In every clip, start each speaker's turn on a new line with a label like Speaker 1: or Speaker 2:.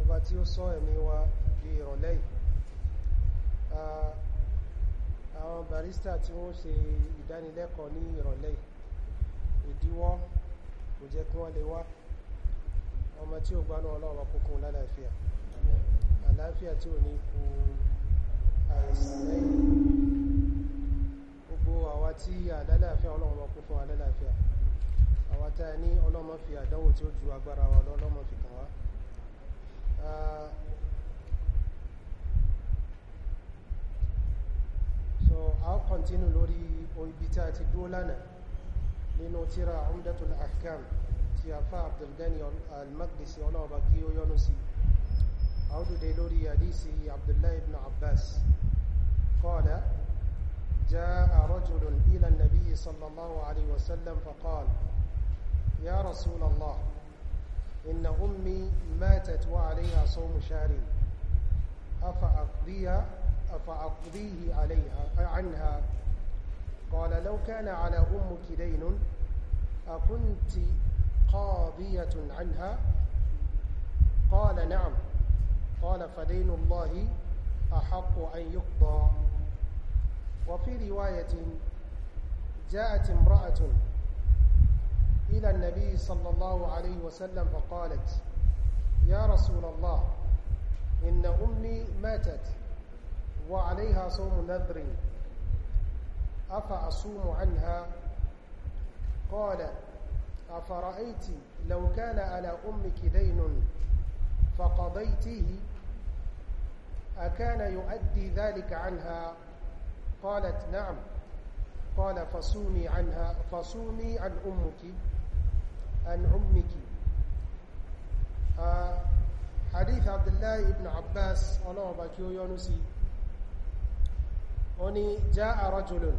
Speaker 1: ọba tí ó sọ ẹ̀mí wa di ìrọ̀lẹ́ yìí àwọn barista tí wọ́n ṣe ìdánilẹ́kọ̀ọ́ ní ìrọ̀lẹ́ yìí ìdíwọ́ kò jẹ́ kí wọ́n lè wá ọmọ tí ó gbánú ọlọ́run kúkún lálàáfíà àlàáfíà tí ò ní kú àìsàn lẹ́yìn gbogbo àwa tí àlàáfíà ọlọ́run kún fún àlàáfíà àwa tá a ní ọlọ́mọ fi àdánwò tí ó ju agbára wa lọ́lọ́mọ fi k Uh, so I'll continue lórí ibi tí a ti dúró lánàá nínú tíra Umdatul Ahkam ti afá Abdulgani al-Maqdisi ọlọ́ọ̀bá kí ó yọ́nú sí. A ó dúdé lórí hadisi Abdullahi ibn Abbas. Qala جاء رجل إلى النبي صلى الله عليه وسلم فقال يا رسول الله إن أمي ماتت وعليها صوم شهر أفأقضيها أفأقضيه عليها عنها قال لو كان على أمك دين أكنت قاضية عنها قال نعم قال فدين الله أحق أن يقضى وفي رواية جاءت امرأة إلى النبي صلى الله عليه وسلم فقالت يا رسول الله إن أمي ماتت وعليها صوم نذر أفأصوم عنها قال أفرأيت لو كان على أمك دين فقضيته أكان يؤدي ذلك عنها قالت نعم قال فصومي عنها فصومي عن أمك عن أمك حديث عبد الله بن عباس الله باكيو يونسي وني جاء رجل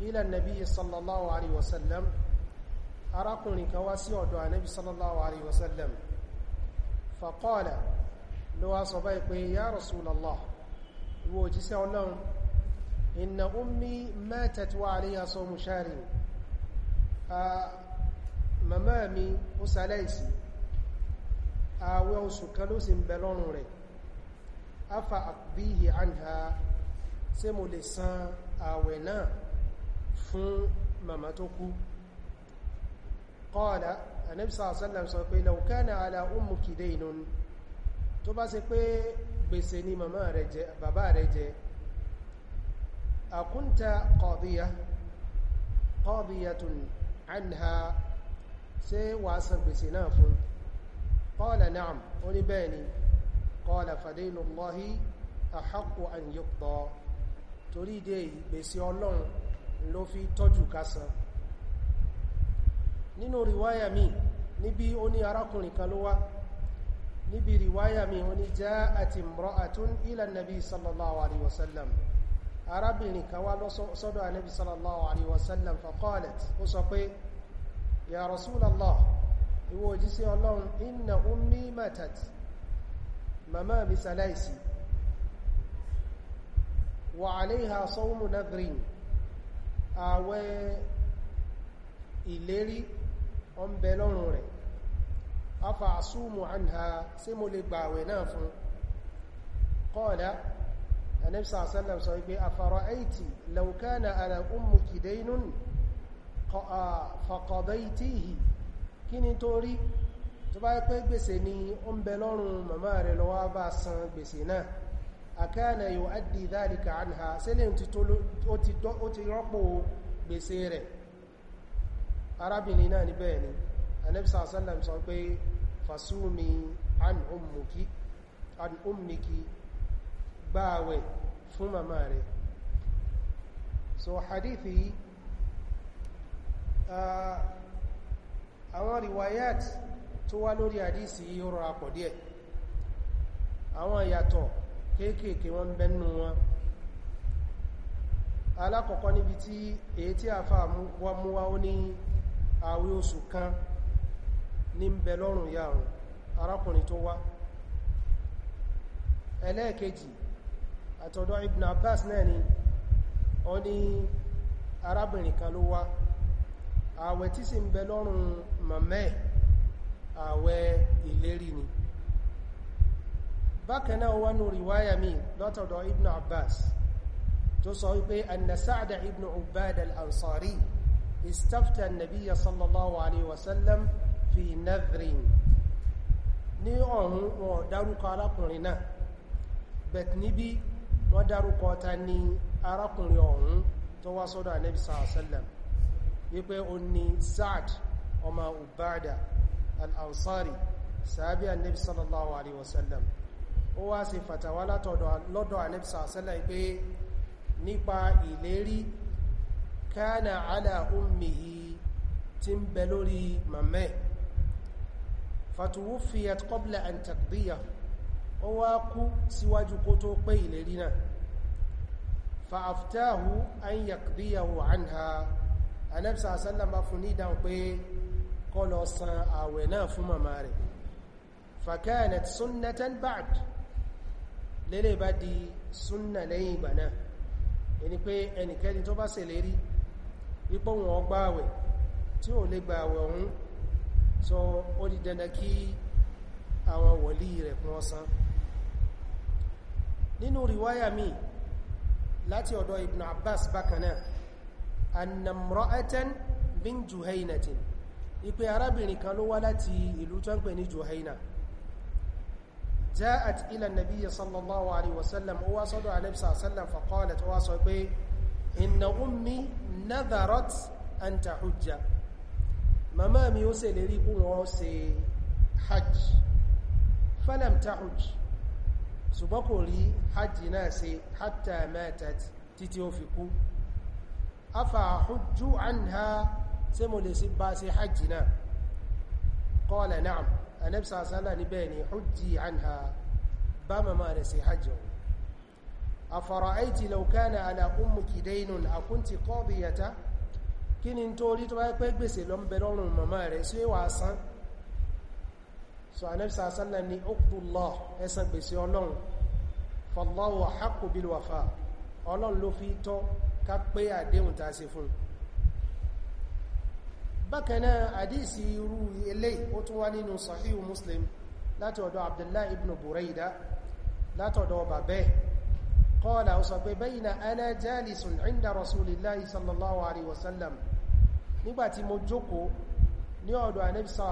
Speaker 1: إلى النبي صلى الله عليه وسلم أراكني كواسي ودعا النبي صلى الله عليه وسلم فقال لو أصبعك يا رسول الله وجسي لهم إن أمي ماتت وعليها صوم شهر màmá mi ó ṣaláìsí ààwẹ̀ oṣù kan ló sì ń bẹ lọ́rùn rẹ̀ afa àbíhì àǹhà ṣé mo lè san ààwẹ̀ náà fún màmá tó kú qala Ànábì sallallahu alaihi wasallam sọ pé law kana ala ummiki daynun tó bá ṣe pé gbèsè ni màmá rẹ̀ jẹ bàbá rẹ̀ jẹ akunta qadiyah qadiyatun anha ṣé wàá san gbèsè náà fún qala na'am ó ní bẹ́ẹ̀ ni qala fadaynullahi ahaqqu an yuqda torí ìdí èyí gbèsè ọlọ́run ló fi tọ́jú ká san nínú riwaya mi níbi ó ní arákùnrin kan ló wá níbi riwaya mi ó ní ja'at imra'atun ila nabi sallallahu alaihi wasallam arábìnrin kan wá lọ sọ́dọ̀ anabi sallallahu alaihi wasallam faqalat ó sọ pé ya rasulallah ìwọ òjíṣẹ́ ọlọ́run inna ummi matat màmá mi sàláìsì wà aléhà sọ́wọ́mù nagrin àwẹ̀ ìlérí ọmọbẹ lọ́rùn rẹ̀ afa asúmù anha sí mo lè gbà àwẹ̀ náà fún qala anẹ́bìsà sallam sọ wípé afara aiti law kana ala ummuki daynun faqadaytihi kí ni tó rí tó bá pé gbèsè ni ó ń bẹ lọ́rùn màmá rẹ̀ lọ́wọ́ bá san gbèsè náà akana yuaddi dhalika anha sílẹ̀ ó ti rọ́pò gbèsè rẹ̀ arábìnrin náà ní bẹ́ẹ̀ ni anẹ́bìsà sallam sọ pé fasumi an gbáwẹ̀ fún màmá rẹ̀ so hadithi Ah, àwọn riwayat tó wá lórí àdísì yìí rọra àwọn ìyàtọ̀ kéékèèké wọn bẹ́nu wọn alákọ̀ọ́kọ́ níbi tí èyí tí fa múwá ó ní àwẹ̀ oṣù kan ní bẹ lọ́rùn ìyá àrùn arákùnrin tó wá ẹlẹ́ẹ̀kejì àtọ̀dọ̀ Ibn Abbas náà ni ó ní arábìnrin kan ló wá ààwẹ̀ tí sì ń bẹ lọ́rùn mọ̀mẹ́ ààwẹ̀ ìlérí ni bákanáà wà nù ríwáyà mi lọ́tọ̀dọ̀ ibn abbas tó sọ wípé annasa'ada ibn ubad al-ansari istafta nabiya sallallahu alaihi wasallam fi nadhrin ní ọ̀hún wọn dárúkọ arákùnrin náà bet níbi wọ́n dárúkọ ta ni arákùnrin ọ̀hún tó wá sọ́dọ̀ ànábì sallallahu alaihi wasallam wípé o ní Sa'ad ọmọ Ubada al-Ansari sàábí annabi sallallahu alaihi wasallam ó wá sí fàtàwà lọ́dọ̀ annabi sallallahu pé nípa ìlérí kánà ala ummihi tí ń bẹ lórí mamẹ́ fatuwufiyat qabla an taqdiya ó wá kú síwájú kó tó pé ìlérí náà fa'aftahu an yaqdiyahu anha anẹ́bìsà sálàmà fún ní ìdáhùn pé kọ́ lọ san àwẹ̀ náà fún màmá rẹ̀ fàkẹ́ẹ̀nẹ̀t sunnatan ba'd lélẹ̀ bá di súnnà lẹ́yìn ìgbà náà ẹni pé ẹnikẹ́ni tó bá ṣèlérí wípé wọn gba àwẹ̀ tí ò lè gba àwẹ̀ ọ̀hún so ó di dandan kí àwọn wọ̀lí rẹ̀ kún ọsán nínú riwaya mi láti ọ̀dọ̀ ibn abbas bákanáà annamra'atan bin juhainatin ipe arábìnrin kan ló wá láti ìlú tó ń pè ní juhaina ja'at ila nabiyyi sallallahu alaihi wasallam ó wá sọ́dọ̀ anabi sallam faqalat ó wá sọ pé inna ummi nadharat an tahujja màmá mi ó ṣèlérí kún wọn ṣe hajj falam tahujj ṣùgbọ́n kò hajj náà ṣe hatta matat títí ó fi kú afàáhùjú àníhá tí mo lè sí bá sí hajji náà kọ́ọ̀lẹ̀ náà anẹ́bìsà sálà níbẹ̀ ni hujji àníhá bá mamá rẹ̀ sí hajji ohun afọ̀rọ̀ aiti laukana ala ummuki dainun akunti kọ́biyata kí ni torí tó bá pẹ́ gbèsè lọ́mbẹ̀ lọ́rùn mamá rẹ̀ sí wàásán ká pé àdéhùn tá a ṣe fún bákanáà àdísì irú eléyìí ó tún wá nínú sahihu muslim láti ọ̀dọ̀ abdullahi ibn buraida láti ọ̀dọ̀ bàbẹ́ qala ó sọ pé bayna ana jalisun inda rasulillahi sallallahu alaihi wasallam nígbàtí mo sallallahu alaihi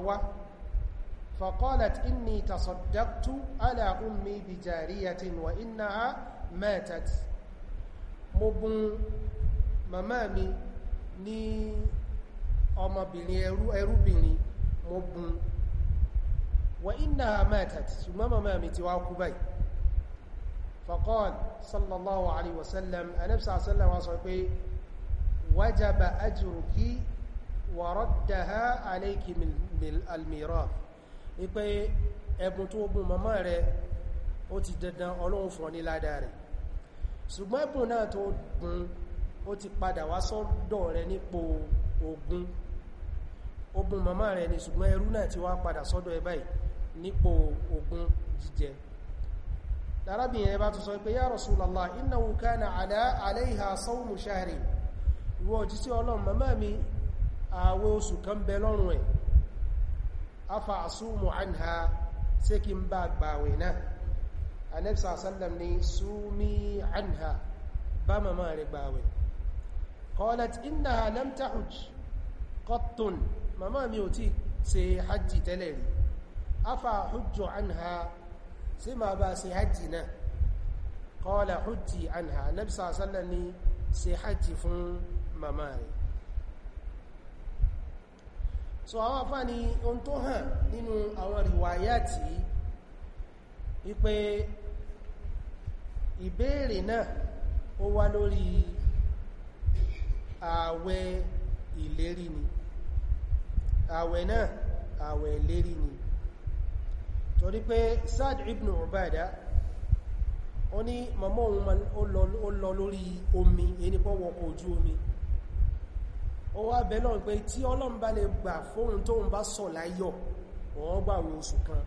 Speaker 1: wasallam فقالت إني تصدقت على أمي بجارية وإنها ماتت مبن ممامي ni ọmọbìnrin ẹrú ẹrúbìnrin mo bùn wa innaha matat ṣùgbọ́n màmá mi ti wá kú báyìí faqal sallallahu alaihi wasallam anabisa sallam wa sọ pé wajaba ajruki wa raddaha alayki almirath wípé ẹ̀bùn tó bùn rẹ ó ti dandan ọlọ́run fún ọ ní ládàá rẹ̀ ṣùgbọ́n ẹ̀bùn náà tó ó ti padà wá sọ́dọ̀ rẹ nípò ogun ogun bùn rẹ ni ṣùgbọ́n ẹrú náà ti wá padà sọ́dọ̀ ogun jíjẹ arábìnrin ẹbá tó sọ pé ya Rasulullah innahu na ala alayha sawmu shahri ìwọ òjísí ọlọ́run mi oṣù kan bẹ lọ́rùn ẹ̀ afa asumu anha ṣé kí n bá gbàwẹ̀ náà anẹ́bìsà sallam ni sumi anha bá màmá rẹ̀ gbàwẹ̀ qalat innaha lam tahuj qattun màmá mi ò tí ṣe hajji tẹ́lẹ̀ rí afa hujju anha ṣé ma bá ṣe hajji náà qala hujji anha anẹ́bìsà sallam ni ṣe hajji fún màmá rẹ̀ so àwọn afá ni ohun tó hàn nínú àwọn rìwáyàtì wípé ìbéèrè náà ó wá lórí ààwẹ̀ ìlérí ni ààwẹ̀ náà ààwẹ̀ ìlérí ni torí pé Sa'd ibn Ubadah ó ní màmá òun ó lọ lórí omi èyí ni pọ́wọ́pọ̀ ojú omi ó wá bẹ̀ lọ́n pé tí ọlọ́run bá lè gbà fóun tóun bá sọ láyọ̀ wọ́n gbà wọ oṣù kan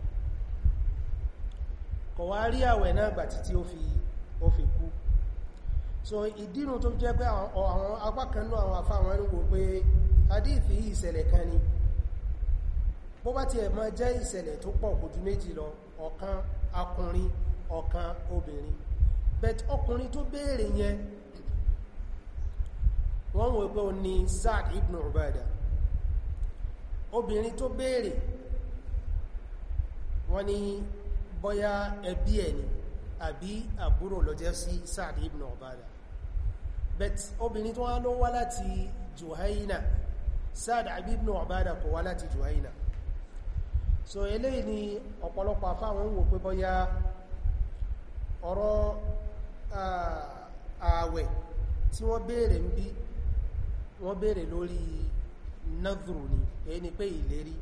Speaker 1: kọ̀ wá rí àwẹ̀ náà gbà títí ó fi kú so ìdínú tó jẹ́ pé àwọn apákanú àwọn afá wọn ní wo pé adíìfì ìṣẹ̀lẹ̀ kan ni bó bá ti ẹ̀mọ́ jẹ́ ìṣẹ̀lẹ̀ tó pọ̀ kò ju méjì lọ ọ̀kan akùnrin ọ̀kan obìnrin but ọkùnrin tó béèrè yẹn wọ́n wọ́n pé o ní Saad ibn Ubadah obìnrin tó béèrè wọ́n ni bọ́yá ẹbí ẹ̀ àbí àbúrò lọ́jẹ́ sí Sa'd ibn Ubadah bet obìnrin tó wá ló wá láti Juhaina Sa'd ibn Ubadah kò wá láti Juhaina so ele ni ọ̀pọ̀lọpọ̀ afáwọn wò pé bọ́yá ọ̀rọ̀ ah, ààwẹ̀ tí wọ́n béèrè ń bí wọ́n béèrè lórí nadhru ni èyí ni pé ìlérí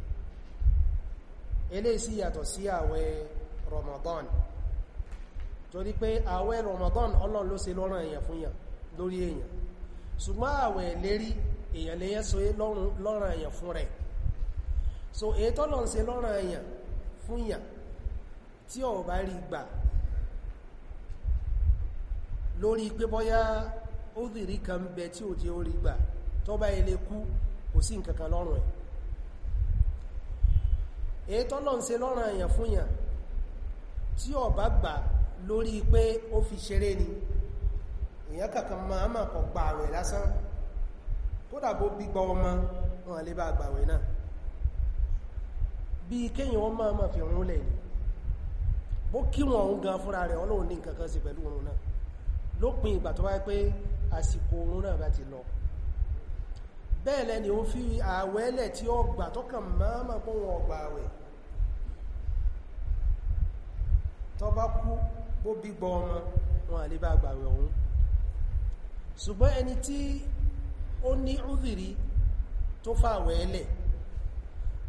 Speaker 1: eléyìí sì yàtọ̀ sí àwẹ̀ Ramadan torí pé àwẹ̀ Ramadan ọlọ́run ló ṣe lọ́rùn èèyàn fún yàn lórí èèyàn ṣùgbọ́n àwẹ̀ lérí èèyàn lè yẹ́ so lọ́rùn èèyàn fún rẹ̀ so èyí tọ́lọ̀ ń ṣe lọ́rùn èèyàn fún yàn tí ò bá rí gbà lórí pé bọ́yá ó dìrí kan bẹ tí ò jẹ́ orí gbà tó bá ilé kú kò sí nkankan lọ́rùn ẹ̀ èyí tọ́lọ́ ń ṣe lọ́rùn èèyàn fún tí ó bá gbà lórí pé ó fi ṣeré ni èèyàn kankan máa máa kọ̀ gba àwẹ̀ lásán kódà bó gbígbọ ọmọ wọn lè bá gbàwẹ̀ náà bí kéyìn wọn máa máa fi rún lẹ̀ ni bó kí wọn òun gan fúnra rẹ̀ ọlọ́run ní nǹkan sí pẹ̀lú òun náà lópin ìgbà tó bá pé àsìkò òun náà bá ti lọ bẹ́ẹ̀ ni ó fi àwẹ́lẹ̀ tí ó gbà tọ́kàn máa pọ́ wọn ọgbà àwẹ̀ tọ́ bá kú bó bígbọ́ ọmọ wọn à lè bá gbàwẹ̀ ọ̀hún ṣùgbọ́n ẹni tí ó ní údìrí tó fàwẹ́lẹ̀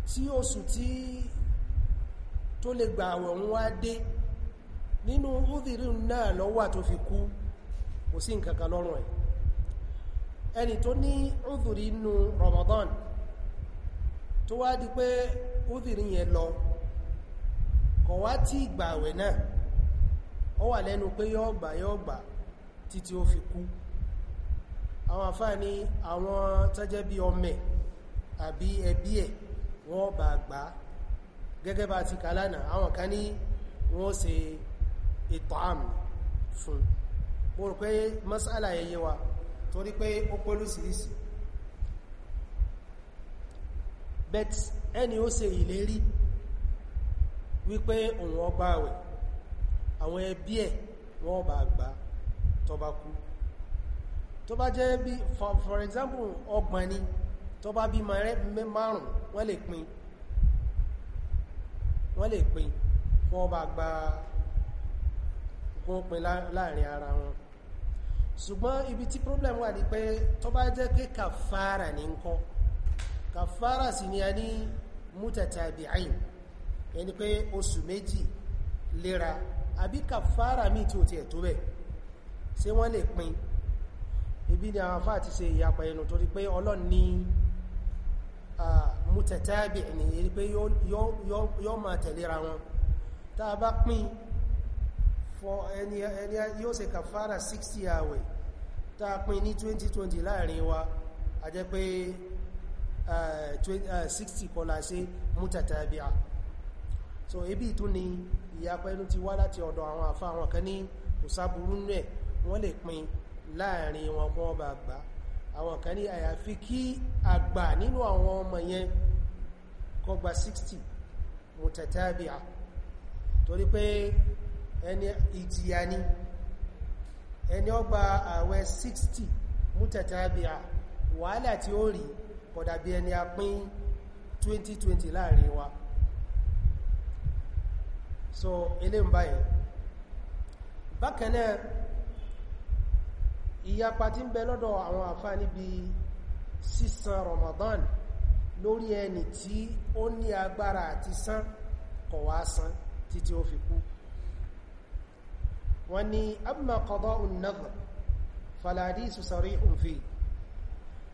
Speaker 1: tí oṣù tí tó lè gbàwẹ̀ ọ̀hún wá dé nínú údìrí náà lọ́wà tó fi kú kò sí nǹkankan lọ́rùn ẹ̀ ẹni tó ní udhuri nínú Ramadan tó wá di pé udhuri yẹn lọ kọ̀ wá tí ìgbàwẹ̀ náà ó wà lẹ́nu pé yọ́ gbà yọ́ gbà títí ó fi kú àwọn àfáà ní àwọn tẹ́jẹ́ bí ọmẹ àbí ẹbí ẹ̀ wọ́n bá gbà gẹ́gẹ́ bá ti kàlánà àwọn kan ní wọ́n ṣe ìtọ́ àmì fún mo rò wa torí pé ó pólúsìírísì bet ẹni ó ṣe ìlérí wípé òun ọgbà àwẹ̀ àwọn ẹbí ẹ̀ wọ́n bá gbà tó kú tó bá jẹ́ bí for example ọgbọ̀n ni tó bá bí márùn wọ́n lè pín wọ́n lè pín wọ́n bá gbà kún pín láàrin ara wọn ṣùgbọ́n ibi tí problem wà ní pé tó bá jẹ́ pé kàfàrà ní ń kọ́ kàfàrà sì ni a ní mutatabi'in ẹni pé oṣù méjì lera àbí kàfàrà míì tí ó ti ẹ̀tọ́ bẹ̀ ṣé wọ́n lè pín ibi ni àwọn afá ti ṣe ìyapa ẹnu torí pé ọlọ́n ní mutatabi'in ẹni pé yóò máa tẹ̀lera wọn tá a for ẹni ẹni yóò ṣe kàfàrà 60 àwẹ̀ tá pín ní 2020 láàrin wa a jẹ́ pé 60 kọlá ṣe mútàtàbíà so ebi tún ni ìyapa ẹnu ti wá láti ọ̀dọ̀ àwọn àfá àwọn kan ní òsàbúrú nẹ̀ wọ́n lè pín láàrin wọn kọ́ ọba àgbà àwọn kan ní àyàfi kí àgbà nínú àwọn ọmọ yẹn kó gba 60 mútàtàbíà torí pé ẹni ìjìyà ni ẹni ọgbà àwẹ̀ 60 mútẹ̀tàbíà wàhálà tí ó rí kọ̀dàbí ẹni apín 2020 láàrin wa so ilé ń báyìí bákanáà ìyapa tí ń bẹ lọ́dọ̀ àwọn àfá níbi sísan Ramadan lórí ẹni tí ó ní agbára àti san kò san títí ó fi kú wọ́n ní amma qada'u an-nadhr falhadisu sarihun fi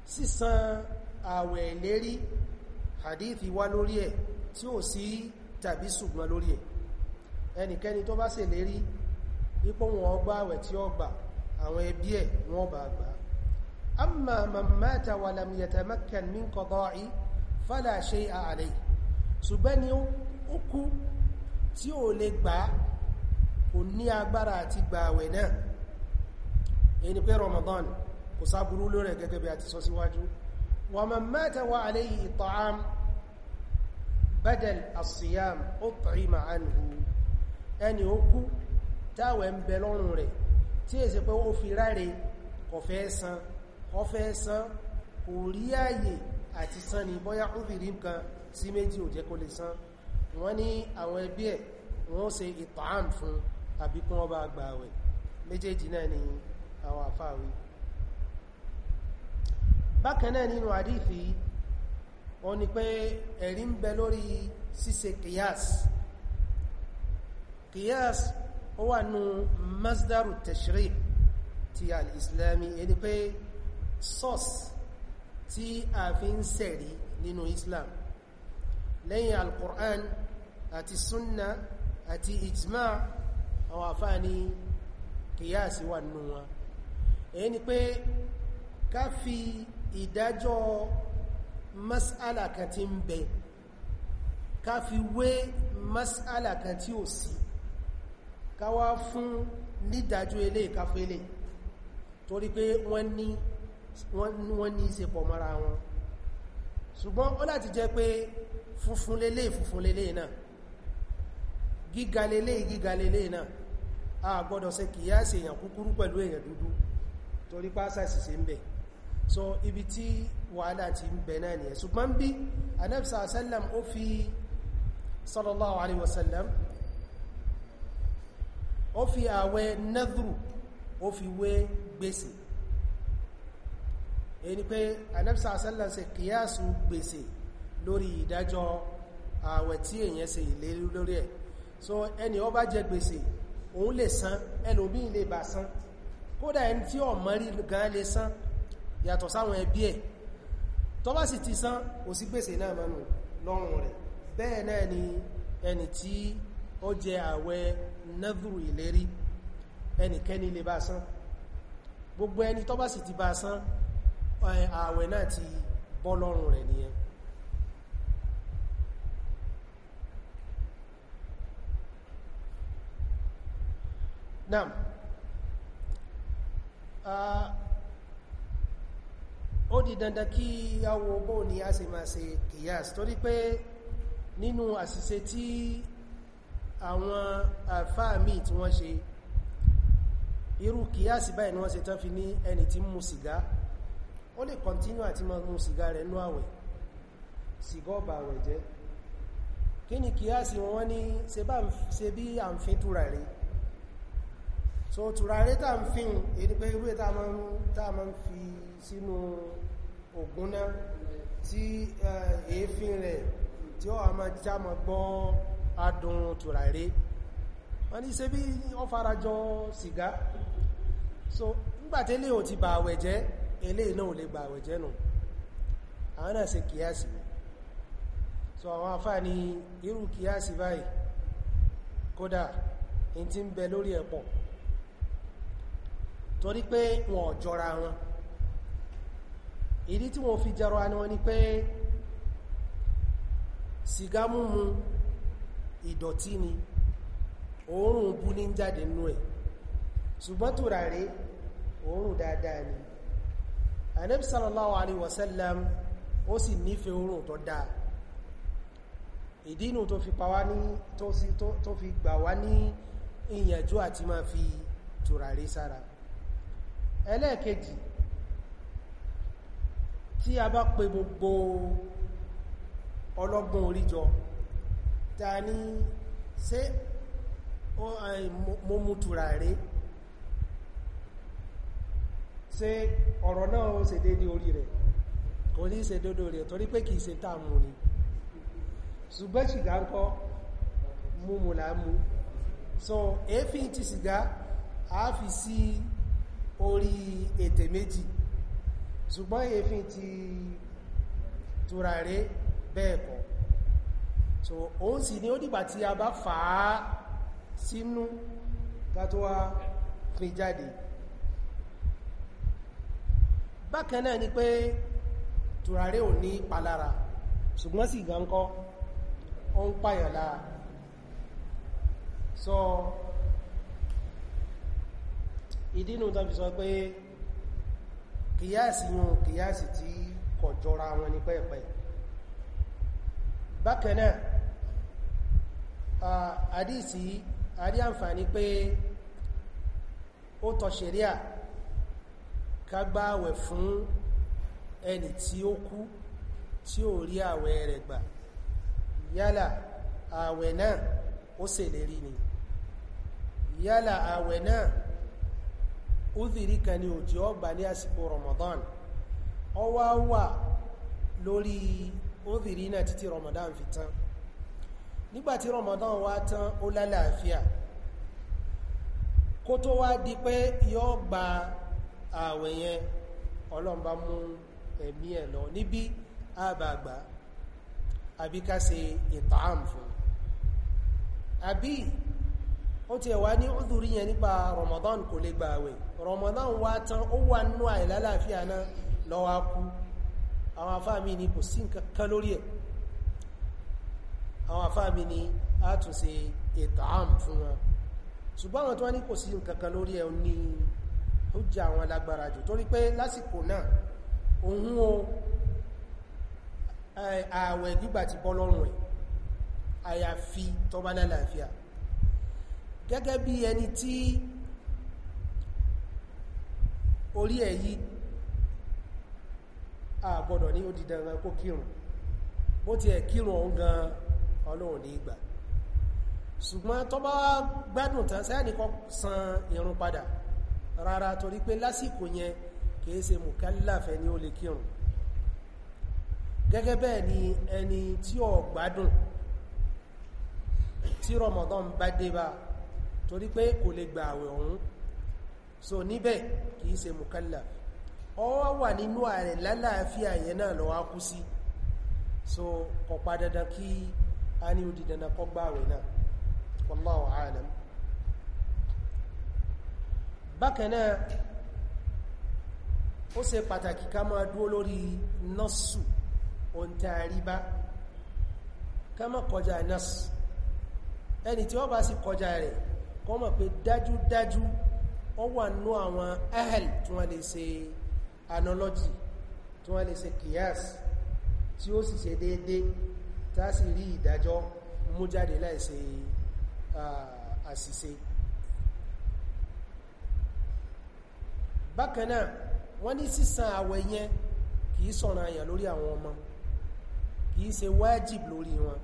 Speaker 1: sísan àwẹ̀ lérí hadith wá lórí ẹ̀ tí ó sí tàbí ṣùgbọ́n lórí ẹ̀ ẹnikẹ́ni tó bá ṣe lérí wípé wọn gbà àwẹ̀ tí ó gbà àwọn ẹbí ẹ̀ wọ́n bá gbà amma man mata wa lam min qada'i fala shay'a alayhi ṣùgbọ́n ni ó kú tí ó kò ní agbára àti gba àwẹ̀ náà èyí ni pé Ramadan kò sáburú lórí gẹ́gẹ́ bí a ti sọ síwájú wa man mata wa alayhi it'am badal as-siyam ut'ima anhu ẹni ó kú táwẹ̀ ń bẹ lọ́rùn rẹ̀ tí è sì pé ó fi ráre kò fẹ́ san kò fẹ́ san kò rí ààyè àti san ni bóyá ó fi rí nǹkan sí méjì ò jẹ́ kó lè san wọ́n ní àwọn ẹbí ẹ̀ wọ́n ṣe ìtààm fún un àbí kí wọ́n bá gba àwẹ̀ méjèèjì náà ni àwọn àfáàwí bákan náà nínú àdífì wọ́n ní pé ẹ̀rí ń bẹ lórí ṣíṣe kìyàs kìyàs ó wà nù masdaru tashri ti al-islami ẹni pé source tí a fi ń sẹ̀rí nínú islam lẹ́yìn al-qur'an àti sunna àti ijma' àwọn àfáà ní kìyàsí wà nínú wọn èyí ni pé ká fi ìdájọ́ mas'ala kan tí ń bẹ ká fi wé mas'ala kan tí ò sí ká wá fún nídájọ́ ilé ìkáfẹ́lé torí pé wọ́n ní wọ́n ní ṣe pọ̀ mọ́ra wọn ṣùgbọ́n ó láti jẹ́ pé funfun lélé funfun lélé náà gíga lélé náà a gbọ́dọ̀ ṣe kìyàsí èèyàn kúkúrú pẹ̀lú èèyàn dúdú torí pásá ìsìsẹ́ ń bẹ̀ so ibi tí wàhálà ti ń bẹ̀ náà nìyẹn ṣùgbọ́n bí anẹ́bìsà sallallahu alaihi wasallam ó fi àwẹ̀ nadhru ó fi wé gbèsè èyí pé anẹ́bìsà sallam ṣe kìyàsù gbèsè lórí ìdájọ́ àwẹ̀ tí èèyàn ṣe so ẹni ó bá jẹ gbèsè òun lè san ẹlòmí lè bà san kódà ẹni tí ó mọ́rí gan lè san yàtọ̀ sáwọn ẹbí ẹ̀ tó bá sì ti san ó sì gbèsè náà mọ́nù lọ́rùn rẹ̀ bẹ́ẹ̀ náà ni ẹni tí ó jẹ àwẹ̀ nẹ́dùrù ìlérí ẹnikẹ́ni lè bá san gbogbo ẹni tó bá sì ti bá san àwẹ̀ náà ti bọ́ lọ́rùn rẹ̀ nìyẹn náà ah, ó di dandan kí a wo bó ní a ṣe máa ṣe kìyàs torí pé nínú àṣìṣe tí àwọn àfáà míì tí wọ́n ṣe ni wọ́n ṣe tán fi ní ẹni tí mú sìgá ó lè kọntínú àti máa mú sìgá rẹ̀ nú àwẹ̀ sìgá ọba àwẹ̀ jẹ́ kí ni kìyàsí wọn ní ṣe bí à ń fi túra so tùràrí tà ń fi hùn èdè pé irú ètà máa ń fi sínú ògúnná tí èéfín rẹ̀ tí ó àmà já mọ̀ gbọ́ adùn tùràrí wọ́n ní ṣe bí ó farajọ sìgá so nígbàtí ilé ò ti bà àwẹ̀ jẹ́ ilé iná ò lè bà àwẹ̀ jẹ́ nù àwọn náà ṣe kíyàsì so àwọn afá ni irú kíyàsì báyìí kódà in ti ń bẹ lórí ẹ̀pọ̀ torí pé wọn ò jọra wọn ìdí tí wọ́n fi jẹrọ ni wọ́n ni pé sìgá múmu ìdọ̀tí ni òórùn bú ní jáde nú ẹ̀ ṣùgbọ́n tùràrí òórùn dáadáa ni Ànábì sallallahu alaihi wasallam ó sì nífẹ̀ẹ́ òórùn tó dáa ìdínú tó fi pàwá ní tó fi gbà wá ní ìyànjú àti máa fi tùràrí sára ẹlẹ́ẹ̀kejì tí a bá pe gbogbo ọlọ́gbọ́n orí jọ ta ní ṣe mo mú tùràrí ṣe ọ̀rọ̀ náà ó ṣe dédé orí rẹ̀ kò ní ṣe dédé orí rẹ̀ torí pé kìí ṣe táàmù ni ṣùgbọ́n ṣìgá ń kọ́ múmù láàmú so èéfín ti ṣìgá a fi sí si orí ètè méjì ṣùgbọ́n èéfín ti tùràrí bẹ́ẹ̀ kọ́ so òun sì ni ó dìgbà tí a bá fà á sínú ká tó wá pín jáde bákan náà ni pé tùràrí ò ní palára ṣùgbọ́n sì gan kọ́ ń pàyàn lára so ìdínú tó fi sọ pé kìyàsí yun kìyàsí tí kò jọra wọn ní pẹ́ẹ̀pẹ́ bákan náà ah, àdísí àdí àǹfààní pé ó tọ́ ṣẹ̀ríà ká gba àwẹ̀ fún ẹni tí ó kú tí ó rí àwẹ̀ rẹ̀ gbà yálà àwẹ̀ náà ó ṣèlérí ni yálà àwẹ̀ náà udhiri kan ni ò tí ní àsìkò Ramadan ọ wá wà lórí udhiri náà títí Ramadan fi tán nígbàtí Ramadan wá tán ó lálàáfíà kó tó wá di pé yọ́ gba ààwẹ̀ yẹn ọlọ́mbà mú ẹ̀mí ẹ̀ lọ níbi àbàgbà àbíká ṣe fún àbí ó ti ẹ̀wà ní ọdúrí yẹn nípa Ramadan kò lè gbààwẹ̀ Ramadan wá tán ó wà nínú àìlálàáfíà náà lọ́wọ́ kú àwọn afáàmì ni kò sí nǹkan lórí ẹ̀ àwọn afáàmì ni a tún ṣe ìtààmù fún wọn ṣùgbọ́n àwọn tó wá ní kò sí nǹkan kan lórí ẹ̀ ní ó jẹ àwọn alágbára jù torí pé lásìkò náà òun o ààwẹ̀ gbígbà ti bọ́ lọ́rùn ẹ̀ àyàfi tó bá gẹ́gẹ́ bí ẹni tí orí ẹ̀ yí àgbọ̀dọ̀ ní ó di dandan kó kírun bó ti ẹ̀ kírun ọ̀hún gan ọlọ́run ní ìgbà ṣùgbọ́n tó bá gbádùn tán sẹ́ẹ̀nì kọ́ san irun padà rárá torí pé lásìkò yẹn kìí ṣe mùkálàfẹ́ ni ó lè kírun gẹ́gẹ́ bẹ́ẹ̀ ni ẹni tí ó tí Ramadan bá dé bá torí pé kò lè gba àwẹ̀ ọ̀hún so níbẹ̀ kìí ṣe mukallaf ọ wà nínú ààrẹ lálàáfíà yẹn náà lọ wá sí so kò pa dandan kí a ní odi dandan kó gba àwẹ̀ náà wallahu a'lam bákan náà ó ṣe pàtàkì ká máa dúó lórí nọ́sù ontariba ká má kọjá nọ́sù ẹni tí wọ́n bá sì kọjá rẹ̀ kọ́ mọ̀ pé dájúdájú ó wà nú àwọn ahl tí wọ́n lè ṣe analogy tí wọ́n lè ṣe kìyàs tí ó sì ṣe déédé tá sì rí ìdájọ́ mú jáde láìṣe àṣìṣe bákanáà wọ́n ní sísan àwẹ̀ yẹn kìí sọ̀rọ̀ àyàn lórí àwọn ọmọ kìí ṣe wájìb lórí wọn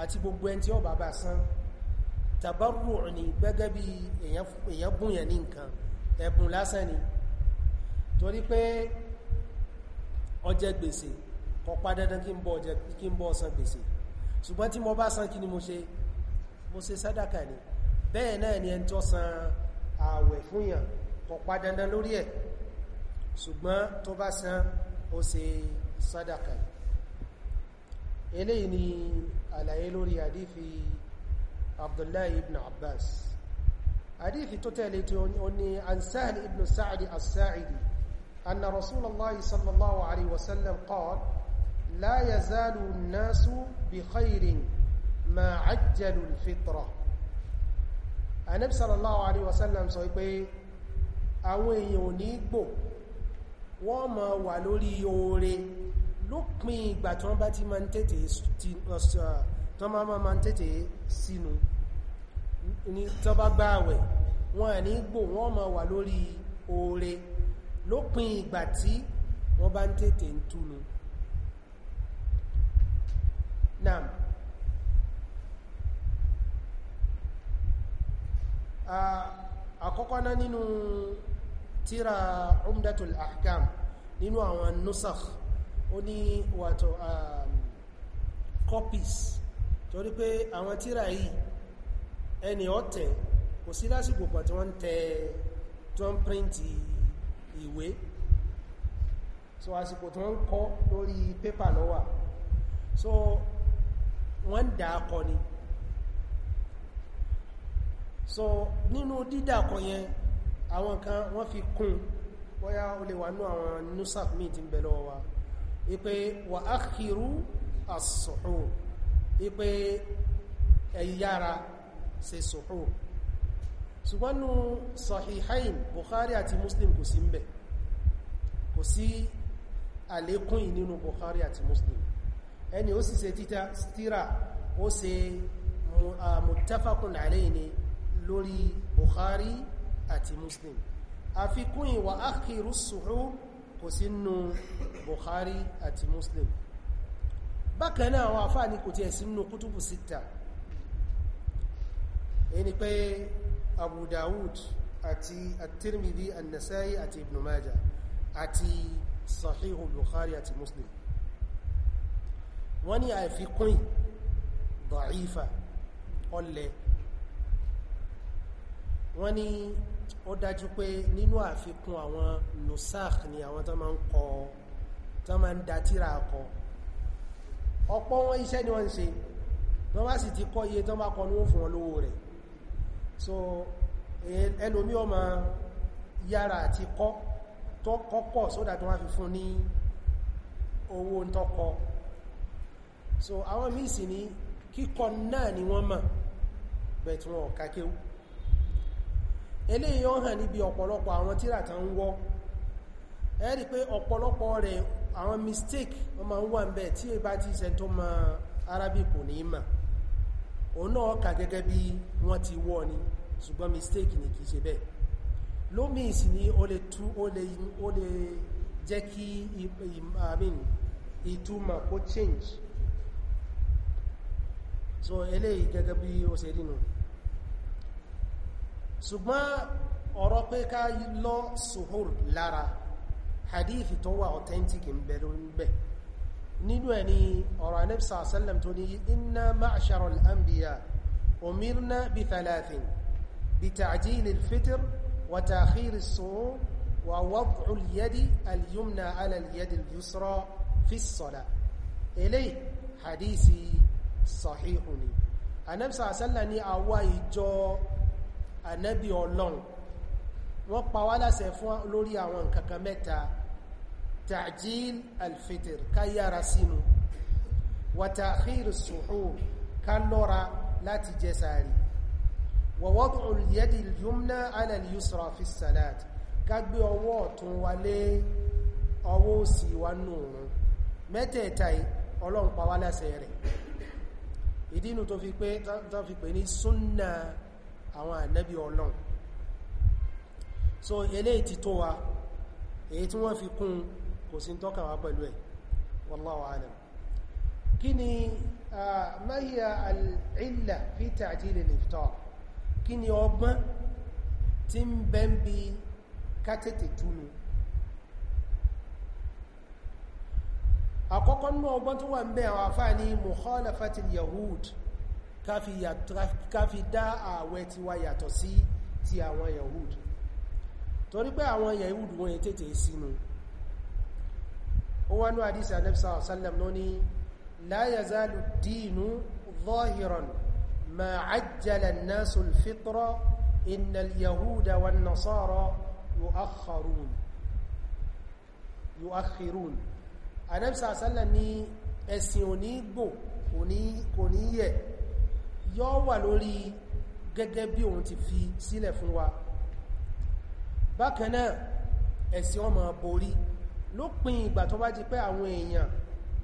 Speaker 1: àti gbogbo ẹni tí ó bàbá san tabarru ni gẹ́gẹ́ bí èyàn búnyàn ní nǹkan ẹ̀bùn lásán ni torí pé ọjẹ́ gbèsè kò pa dandan kí n bọ́ san gbèsè ṣùgbọ́n tí mo bá san kí ni mo ṣe mo ṣe sádàkà ni bẹ́ẹ̀ náà ni ẹni tó san ààwẹ̀ fúnyàn kò dandan lórí ẹ̀ ṣùgbọ́n tó bá san ó ṣe sádàkà eléyìí ni àlàyé lórí àdífi abdullahi ibn abbas hadithi tó tẹ̀lé tí ó ní an sahal ibn sa'di as-sa'idi anna rasulullahi sallallahu alaihi wasallam qala la yazalu an-nasu bi khairin ma ajjalu al-fitra anab sallallahu alaihi wasallam sọ pé àwọn èèyàn ò ní gbò wọ́n ma wà lórí oore lópin ìgbà tí wọ́n bá ti máa ń tètè tó máa máa máa tètè sínú ní tó bá gbá àwẹ̀ wọn à ní gbò wọ́n máa wà lórí oore lópin ìgbà tí wọ́n bá ń tètè ń túnu àkọ́kọ́ náà nínú tíra umdatul ahkam nínú àwọn nusakh ó ní wàtò copies torí pé àwọn tíra yìí ẹni ọ̀tẹ̀ kò sí lásìkò pọ̀ tí wọ́n ń tẹ tí wọ́n ń píríntì ìwé so àsìkò tí wọ́n ń kọ lórí pépà lọ́wà so wọ́n ń dà akọ ni so nínú dídàkọ yẹn àwọn kan wọ́n fi kún bóyá o lè wà ní àwọn nusaf míì tí ń bẹ wípé wà á kìrú wípé ẹ̀yí yára ṣe sòhó ṣùgbọ́n nú sahihain Bukhari àti Muslim kò sí ń bẹ̀ kò sí àlékún yìí nínú Bukhari àti Muslim ẹni ó sì ṣe tíra ó ṣe muttafaqun alayhi ni lórí Bukhari àti Muslim àfikún ìwà akhiru sòhó kò sí nú àti Muslim bákan náà àwọn àfáà ní kò tiẹ̀ sínú kútùbù síta èyí ni pé Abu Dawud àti at-Tirmidhi an-Nasa'i àti Ibn Majah àti Sahihu Bukhari àti Muslim wọ́n ní àìfikún dọ̀ífà ọlẹ̀ wọ́n ní ó dájú pé nínú àfikún àwọn nusakh ni àwọn tó máa ń kọ tó máa ń datíra kọ ọ̀pọ̀ wọn iṣẹ́ ni wọ́n ń ṣe wọ́n bá sì ti kọ́ iye tán bá kọ ní fún wọn lówó rẹ̀ so ẹlòmí ọmọ yára àti kọ́ tó kọ́kọ́ sódà tó wá fi fún ní owó tọ́kọ́ so àwọn míì sì ní kíkọ náà ni wọ́n mọ̀ bẹ̀ tí wọ́n ká kéwú eléyìí hàn níbi ọ̀pọ̀lọpọ̀ àwọn tíra tán ń wọ́ ẹ rí pé ọ̀pọ̀lọpọ̀ rẹ̀ àwọn mistake wọ́n máa ń wà ń bẹ̀ tí ẹ bá ti ṣe tó mọ Arabic kò ní mà òun náà kà gẹ́gẹ́ bí wọ́n ti wọ́ ni ṣùgbọ́n mistake ni kìí ṣe bẹ́ẹ̀ lómi ìsìn ni ó lè tú ó jẹ́ kí ìtumọ̀ kó change so eléyìí gẹ́gẹ́ bí ó ṣe rínú ṣùgbọ́n ọ̀rọ̀ pé ká lọ suhur lára hadithi tó wà authentic ń bẹ̀rẹ̀ ń bẹ̀ nínú ẹ̀ ni ọ̀rọ̀ anẹ́bìsà sallam tó ní inna ma'ashara al'ambiya umirna bi thalathin bi ta'jil al-fitr wa ta'khir as-suhur wa wad'u al-yadi al-yumna ala al-yadi al-yusra fi as-salah eléyìí hadisi sahihun ni anẹ́bìsà sallam ní àwa ìjọ anẹ́bì ọlọ́run wọ́n pa wá láṣẹ fún lórí àwọn nǹkankan mẹ́ta ta'jil alfitr ká yára sínú wa ta'khir as-suhur ká lọ́ra láti jẹ sààrì wa wad'u al-yadi al-yumna 'ala al-yusra fi salat ká gbé ọwọ́ ọ̀tún wa ọwọ́ òsì wa nùrùn mẹ́tẹ̀ẹ̀ta Ọlọ́run pa wá láṣẹ rẹ̀ ìdínú tó fi pé ní súnnà àwọn ànábì Ọlọ́run so eléyìí ti tó wa èyí tí wọ́n fi kún kò sí tọ́ka wa pẹ̀lú ẹ̀ wallahu alam kí ni ma hiya al-illa fi ta'jil al-iftar kí ni ọgbọ́n tí ń bẹ́ ń bi kátètè túnu àkọ́kọ́ nínú ọgbọ́n tó wà ń bẹ àwọn àfáà ní mukhalafati yahud káfi dá ààwẹ̀ tiwa yàtọ̀ ti àwọn yahud torí pé àwọn yahudu wọn tètè sínú ó wánú àdísì anẹ́bísà ọ̀sánlẹ̀m ló ní la yazalu dínú zahiran ma ajjala an-nasu al-fitra inna al-yahuda wan-nasara yu'akhkharun yu'akhirun anẹ́bísà ọ̀sánlẹ̀m ní ẹ̀sìn òní gbò kò ní yẹ̀ yọ́ wà lórí gẹ́gẹ́ ti fi sílẹ̀ fún wa bákan náà ẹ̀sìn wọn máa borí lópin ìgbà tó bá di pé àwọn èèyàn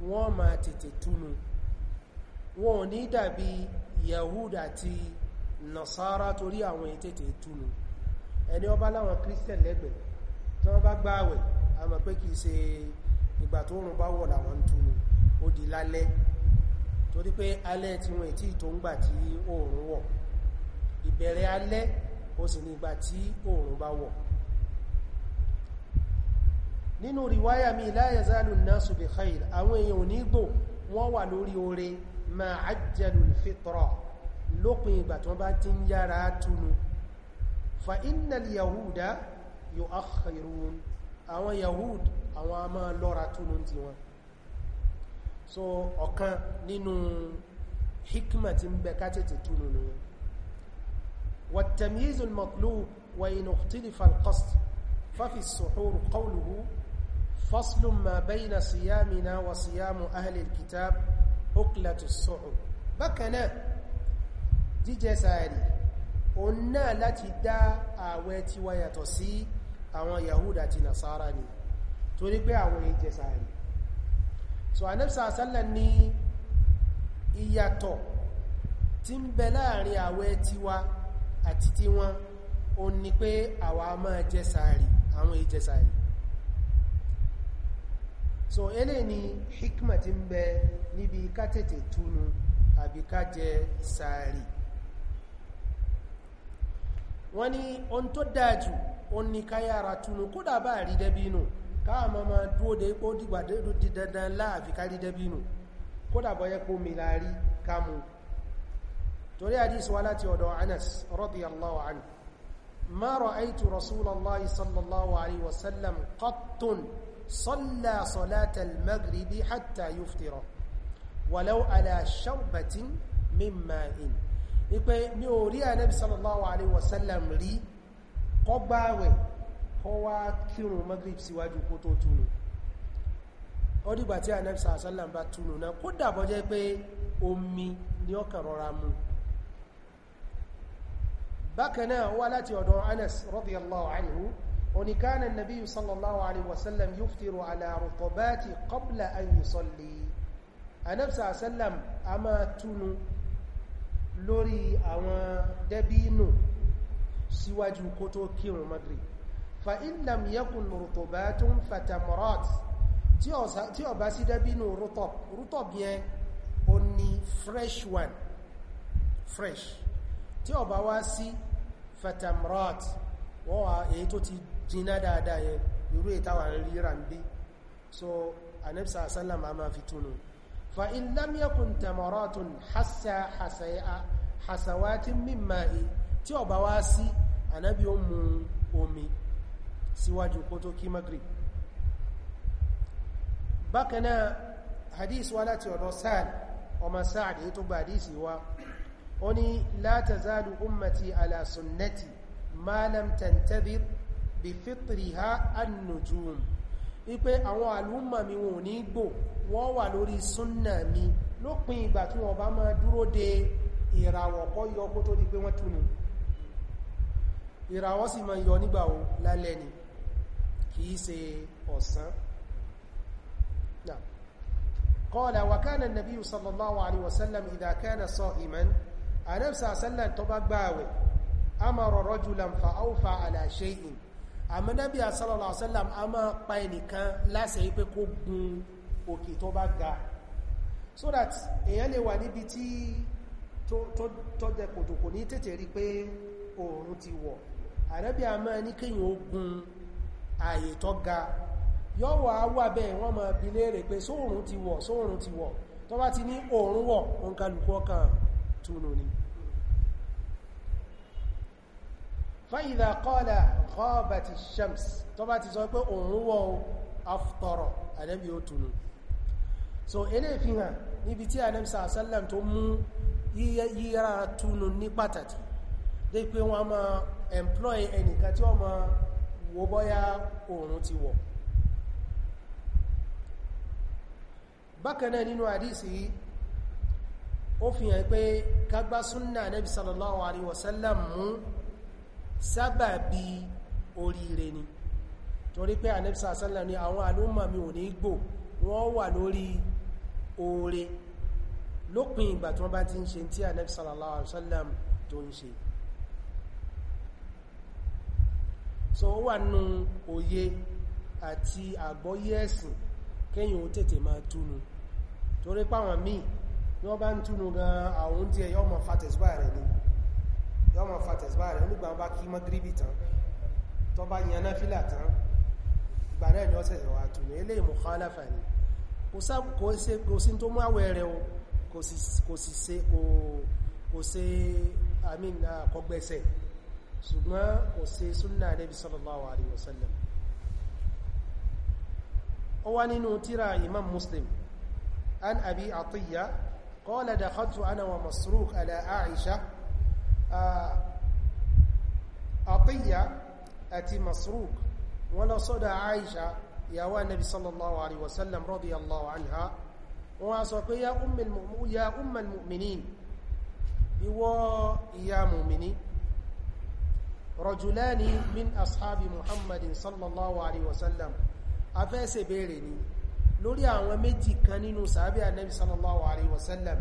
Speaker 1: wọ́n máa tètè túnu wọn ní dàbí yahud àti nasara torí àwọn ètètè túnu ẹni ọba láwọn christian lẹ́gbẹ̀ẹ́ tí wọ́n bá gbáwẹ̀ a mọ̀ pé kìí ṣe ìgbà tó rùn bá wọ̀ làwọn ń túnu ó di lálẹ́ torí pé alẹ́ tí wọ́n ètí tó ń gbà tí oòrùn wọ̀ ìbẹ̀rẹ̀ alẹ́ ó sì ní ìgbà tí oòrùn bá wọ̀ nínú riwaya mi la yazalu an-nasu bi khair àwọn èèyàn onígbò wọ́n wà lórí oore ma ajjalu al-fitra lópin ìgbà tó bá ti ń yára túnú fa innal yahuda yu'akhirun àwọn yahud àwọn a máa lọ́ra túnú ti wọn so ọ̀kan nínú hikma tí ń bẹ ká túnú ni wat-tamyiz suhur qawluhu فصل ما بين صيامنا وصيام أهل الكتاب أقلة الصعب بكنا jíjẹ sàárì òun náà láti dá ààwẹ̀ tí wá yàtọ̀ sí àwọn yahuda àti nasara ni torí pé àwọn ìjẹ sàárì so anẹ́bsà sálẹ̀ ní ìyàtọ̀ tí ń bẹ láàrin ààwẹ̀ tí wá àti tí wọ́n òun ni pé àwa máa jẹ sàárì àwọn ìjẹ sàárì so ele ni hikma tí ń bẹ níbi ká tètè túnu àbí ká jẹ sàárì wọ́n ní ohun tó dájú ó ní ká yára túnu kódà bá rí dẹ́bí inú káàmọ́ ma dúó de ó dìgbà di dandan láàfi ká rí dẹ́bí inú kódà bọ́ yẹ kó mi láàrí kámú torí àdísí wá láti ọ̀dọ̀ Anas radiyallahu anhu صلى صلاة المغرب حتى يفطر ولو على شربة من ماء ipe mi ò rí Ànábì sallallahu alaihi wasallam rí kó gbààwẹ̀ kó wá kírun magrib síwájú kó tó túnú ó dìgbà tí Ànábì sallallahu alaihi wasallam bá túnú náà kó dàbọ̀ jẹ́ pé omi ni ó kàn rọra mu bákan náà wá láti Anas radiyallahu anhu oni kana nabi sallallahu alaihi wasallam yuftiru ala rutubati qabla an yusalli anabi sallam a máa túnu lórí àwọn débínù síwájú kó tó kírun maghrib fa in lam yakun rutubatun fatamarat tí ó bá sí débínù rutub rutub yẹn ó ní fresh one fresh tí ó bá wá sí fatamarat wọ́n wá èyí tó ti jiná dáadáa yẹn irú ìtawà ríra ń bí so anẹ́bisa asálàmà máa fi túnu fa in lam yakun tamaratun hasa hasawatin min ma'i tí ó bá wá sí anábi ó mu omi síwájú kó tó kí magrib bákanáà hadith wá láti ọ̀dọ̀ sáàd ọmọ sáàd èyí tó gba hadith wá ó ní la ummati ala sunnati ma bí fitriha an-nujum wípé àwọn àlúmọ̀ mi wọn ò ní gbò wọ́n wà lórí súnnà mi lópin ìgbà tí wọ́n bá máa dúró de ìràwọ̀ kọ́ yọ kó tó di pé wọ́n túnú ìràwọ̀ sì máa yọ nígbà o lálẹ́ ni kìí ṣe ọ̀sán qala wa kana an-nabiyyu sallallahu alaihi wasallam idha àmọ́dábí àsọ́lọ́lọ́ àṣọ́lá a máa pa ẹnìkan láṣẹ ipé kó gun òkè tó bá ga so that èyàn lè wà níbi tí tó jẹ kòtòkò ní tètè rí pé oòrùn ti wọ̀ àrẹ́bí a máa ní kíyàn ó gun ààyè tó ga yọ́ wà wà bẹ́ẹ̀ wọ́n máa bi léèrè pé sóòrùn ti wọ̀ sóòrùn ti wọ̀ tó bá ti ní oòrùn wọ̀ òǹkàlùkọ́ kan túnú ni fáyìdà kọ́lá kọ́bàtì shams tó bá ti sọ pé òun wọ́ aftọ̀rọ̀ ànábì ó túnú so ilé fi hàn níbi tí ànábì sàásẹ́lẹ̀m tó mú yíyára túnú ní pàtàkì dé pé wọ́n máa employ ẹnìkan tí wọ́n máa wo bọ́yá òun ti wọ̀ bákanáà nínú àdísì ó fi hàn pé kágbá súnnà ànábì sallallahu mú sábàbí oríire ni torí pé anẹ́bísà sálà ni àwọn àlúmà mi ò ní gbò wọ́n wà lórí oore lópin ìgbà tí wọ́n bá ti ń ṣe tí anẹ́bísà sálàm tó ń ṣe so ó wà nù òye àti àgbọ́yé ẹ̀sìn kẹ́yìn ó tètè máa túnu torí páwọn míì wọ́n bá ń túnu gan àwọn tí ẹ̀yọ́ mọ̀ fatẹ̀síwá rẹ̀ ni yọ́ ma fa tẹ̀síbá rẹ̀ nígbà wọn bá kí mọ́gíríbì tán tó bá yan náfílà tán ìgbà náà ni ó sẹ̀sẹ̀ wà tún eléyìí mukhalafa ni kò sí tó mú àwẹ̀ rẹ̀ o kò sì ṣe kò ṣe àmín àkọgbẹ́sẹ̀ ṣùgbọ́n kò ṣe súnnà Nabi sallallahu alaihi àtíyà ah, àti masruk wọ́n lọ sọ́dọ̀ aisha ìyàwó anabi sallallahu alaihi wasallam radiyallahu anha wọ́n a sọ pé ya ummal mu'minin ìwọ ìyá mu'mini rọjùlẹ́ni min ashabi muhammadin sallallahu alaihi wasallam a fẹ́ ṣe bèèrè ni lórí àwọn méjì kan nínú sàábí anabi sallallahu alaihi wasallam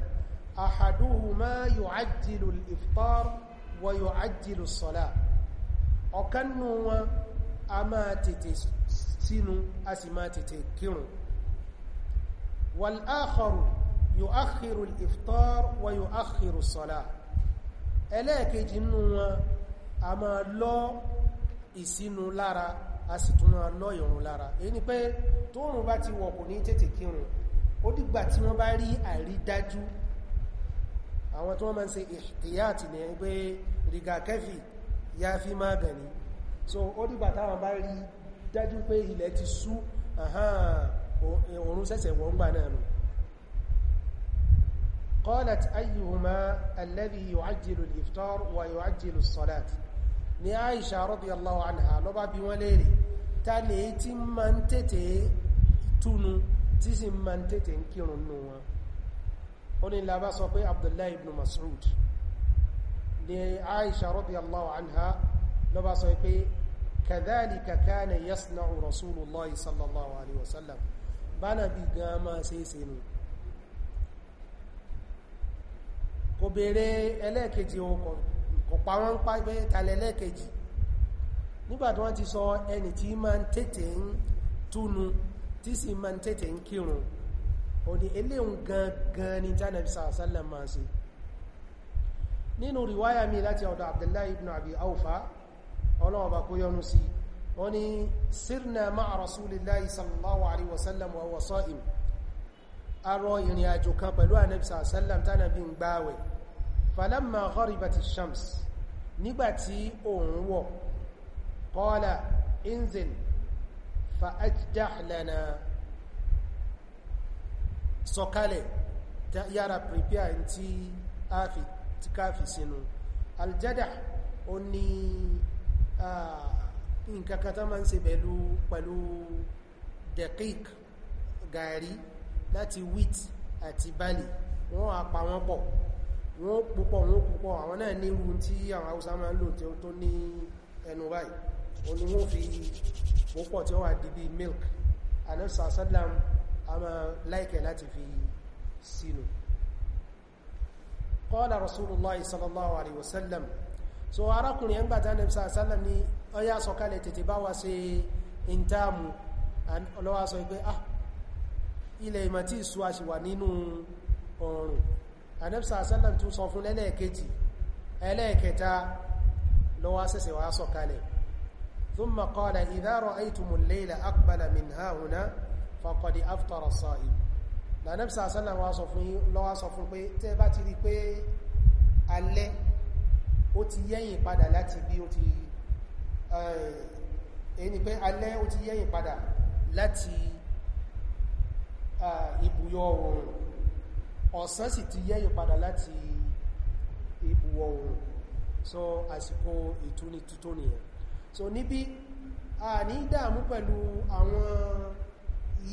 Speaker 1: أحدهما يعجل الإفطار ويعجل الصلاة أكنوا أما تتسن أسما تتكر والآخر يؤخر الإفطار ويؤخر الصلاة ألاك جنوا أما لو ìsínú lára a sì tún máa lọ ìrun lára èyí ni pé tóòrùn bá ti wọ̀ kò ní tètè kírun ó dìgbà tí wọ́n bá rí àrídájú àwọn tí wọ́n máa ń ṣe ìhìyàtì ní pé rigakẹ́fì ya fi máa gàn ní so ó dìgbà táwọn bá rí dájú pé ilẹ̀ ti sú òun sẹ́sẹ̀ wọ́n gbà náà nù qalat ayyuhuma alladhi yu'ajjilu al-iftar tí sì máa ń tètè ń kírun nù wọn ó ní labá sọ pé abdullahi ibn mas'ud ni aisha radiyallahu anha ló bá sọ pé kadhalika kana yasna'u rasulullahi sallallahu alaihi wasallam bana bi gama sai sinu kò bèèrè ẹlẹ́ẹ̀kejì ohun kò pa wọ́n pa pé tàlẹ̀ ẹlẹ́ẹ̀kejì nígbàtí wọ́n ti sọ ẹni tí máa ń tètè ń túnu tí sì máa ń tètè ń kírun ó ní eléhùn gangan ni jánàbí sàásánlẹ̀ máa ṣe nínú riwaya mi láti ọ̀dọ̀ abdullahi ibn abi aufa ọlọ́ọ̀bá kó yọnu sí wọ́n ní sírnà ma'a rasulillahi sallallahu alaihi wasallam wa huwa sa'im arọ ìrìn àjò kan pẹ̀lú ànẹ́bí sàásánlẹ̀ tánàbí ń gbáwẹ̀ falamma gharibati shams nígbàtí òun wọ̀ qala inzil fa'ajdah lana sọ̀kalẹ̀ yára prepare tí a fi tí ká fi sínú aljada ó ní nǹkankan tó máa ń ṣe pẹ̀lú pẹ̀lú dekik gàrí láti wheat àti barley wọ́n á pa wọ́n pọ̀ wọ́n púpọ̀ wọ́n púpọ̀ àwọn náà ní irú tí àwọn haúsá máa ń lò tí ó tó ní ẹnu báyìí ó ní wọ́n fi púpọ̀ tí ó wà dìbí milk anẹ́sà sádàmù a máa láìkẹ̀ láti fi sínú qala rasulullahi sallallahu alaihi wasallam so arákùnrin ẹgbà tánà ibsa sallam ni ó yá sọ̀kalẹ̀ tètè bá wa ṣe ìntàmù ọlọ́wà sọ pé ah ilẹ̀ ìmọ̀ tí ìsú àṣìwà nínú ọ̀run anẹ́bsa sallam tún sọ fún lẹ́lẹ́ẹ̀kejì ẹlẹ́ẹ̀kẹta lọ́wà sẹ́sẹ̀ wà sọ̀kalẹ̀ thumma qala idha ra'aytumul layla aqbala min hahuna fọkọ̀dì aftara sa'im lànàbísà sọ́nà wọ́n sọ fún lọ́wọ́ sọ fún pé tẹ́ bá ti rí pé alẹ́ ó ti yẹ́yìn padà láti bí ó ti ẹni eh, pé alẹ́ ó ti yẹ́yìn padà láti eh, ibùyọ oòrùn ọ̀sán sì ti yẹ́yìn padà láti ibùwọ̀ oòrùn so àsìkò ìtúni tuntun so níbi a ní ìdààmú pẹ̀lú àwọn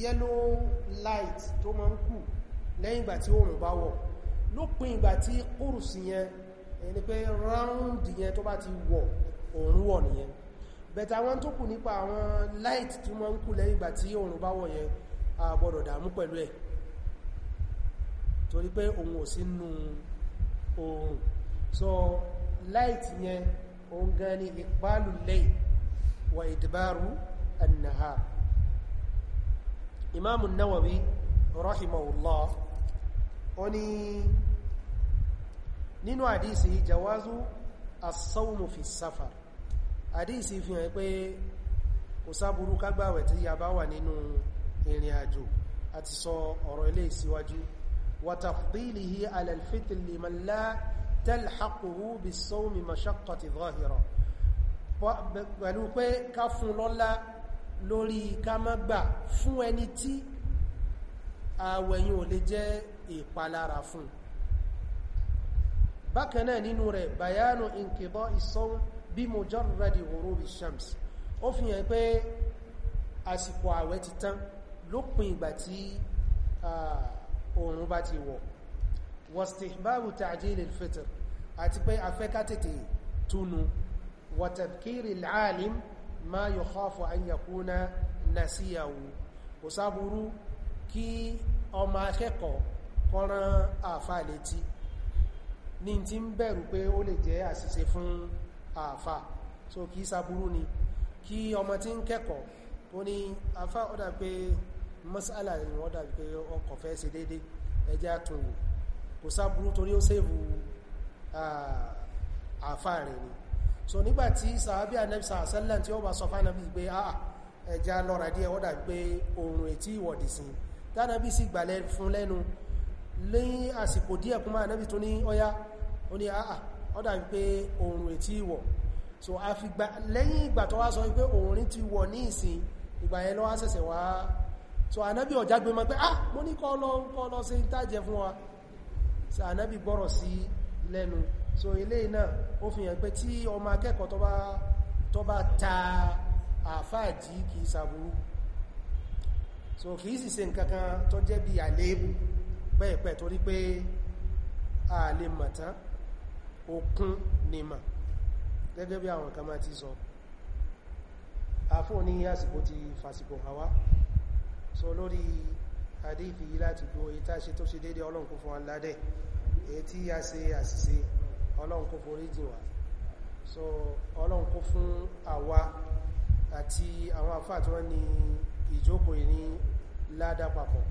Speaker 1: yellow light tó máa ń kù lẹ́yìn ìgbà tí oòrùn bá wọ̀ lópin ìgbà tí kúrùsì yẹn ẹni pé round yẹn tó bá ti wọ̀ oòrùn wọ̀ nìyẹn bẹ̀tà àwọn tó kù nípa àwọn light tó máa ń kù lẹ́yìn ìgbà tí oòrùn bá wọ̀ yẹn a gbọ́dọ̀ pẹ̀lú ẹ̀ torí pé òun ò sí nú oòrùn so light yẹn òun gan ni ìpálù lẹ́yìn wà ìdìbàrú an imáàmù náwàwí rahimahullah ó ní nínú àdísì jawazu as-sawmu fi safar àdísì fi hàn pé kò sáburú kágbàwẹ̀ tí a bá wà nínú ìrìn àjò àti sọ ọ̀rọ̀ ilé ìsíwájú وتفضيله على الفطر لمن لا تلحقه بالصوم مشقة ظاهرة pẹ̀lú pé ká fún lọ́lá lórí ká má gbà fún ẹni tí àwẹ̀yìn ò lè jẹ́ ìpalára fún bákan náà nínú rẹ̀ bayanu inkidọ́ ìsọ́n bí mujarradi ghurubi shams ó fi hàn pé àsìkò àwẹ̀ ti tán lópin ìgbà tí oòrùn bá ti wọ̀ wastihbabu ta'jil al-fitr àti pé afẹ́ká tètè túnu wa tadhkiri ma yukhafu an yakuna nasiyahu kò sáburú kí ọmọ akẹ́kọ̀ọ́ kọ́rán àfà létí ní tí ń bẹ̀rù pé ó lè jẹ́ àṣìṣe fún àfà so kì í sáburú ni kí ọmọ tí ń kẹ́kọ̀ọ́ ó ní àfà ó pé masala ni wọ́n pé ọkọ̀ fẹ́ ṣe déédé ẹjẹ́ àtúnwò kò sáburú torí ó sèvù àfà rẹ̀ ni so nígbàtí sàábí anẹ́bìsà àṣẹ́lẹ̀ tí ó bá sọ fánàbí pé àà ẹja lọ́ra díẹ̀ ó dàbí pé oòrùn ètí ìwọ̀dì sí tánàbí sì gbàlẹ̀ fún lẹ́nu ní àsìkò díẹ̀ kúmọ́ anẹ́bì tó ní ọya ó ní àà ó pé oòrùn ètí ìwọ̀ so a fi gbà lẹ́yìn ìgbà tó wá sọ pé oòrùn ti wọ̀ ní ìsìn ìgbà yẹn ló wá ṣẹ̀ṣẹ̀ wá so anẹ́bì ọ̀já gbé mọ́ pé ah mo ní kọ́ lọ kọ́ lọ ṣe ń fún wa so anẹ́bì gbọ́rọ̀ sí lẹ́nu so eléyìí náà ó fi hàn pé tí ọmọ akẹ́kọ̀ọ́ tó bá ta àáfàá kì í sàbúrú so kì í sì ṣe nǹkan kan tó jẹ́ bí àléébù pẹ́ẹ̀pẹ́ torí pé a lè mọ̀ okun ni mà gẹ́gẹ́ bí àwọn kan máa ti sọ àfún ní àsìkò ti fàsìkò àwá so lórí àdífì láti gbò èyí tá ṣe tó ṣe déédé ọlọ́nkún fún aládẹ́ èyí tí a ṣe àṣìṣe ọlọ́run kó forí jìn so ọlọ́run kó fún àwa àti àwọn àfáà tí wọ́n ní ìjókòó ní ládá papọ̀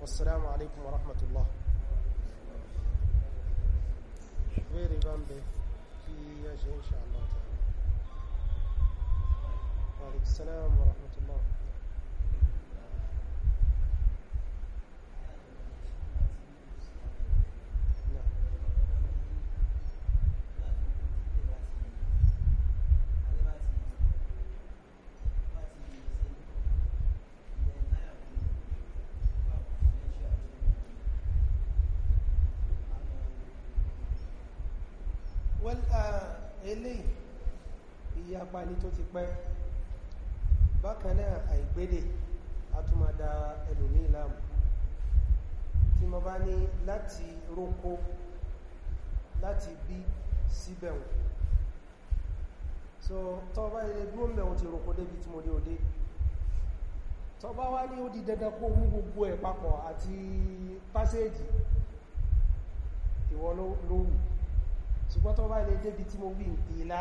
Speaker 1: wassalamu alaikum warahmatullah ìbéèrè bá ń bẹ kí yẹ́ ṣe insha Allah ta'ala wa alaikum warahmatullah ní tó ti pẹ́ bákan náà àìgbédè atúmọ̀dá ẹlòmí ìlàmù tí mo bá ní láti rókó láti bí síbẹ̀wọ̀n so tọ́ bá ilé dúró mẹ́wọ̀n ti rókó débi tí mo ní òde tọ́ bá wá ní ó di dandan kó mú gbogbo ẹ̀ papọ̀ àti páséèjì ìwọ ló ṣùgbọ́n tọ́ bá ilé débi tí mo wí ìlà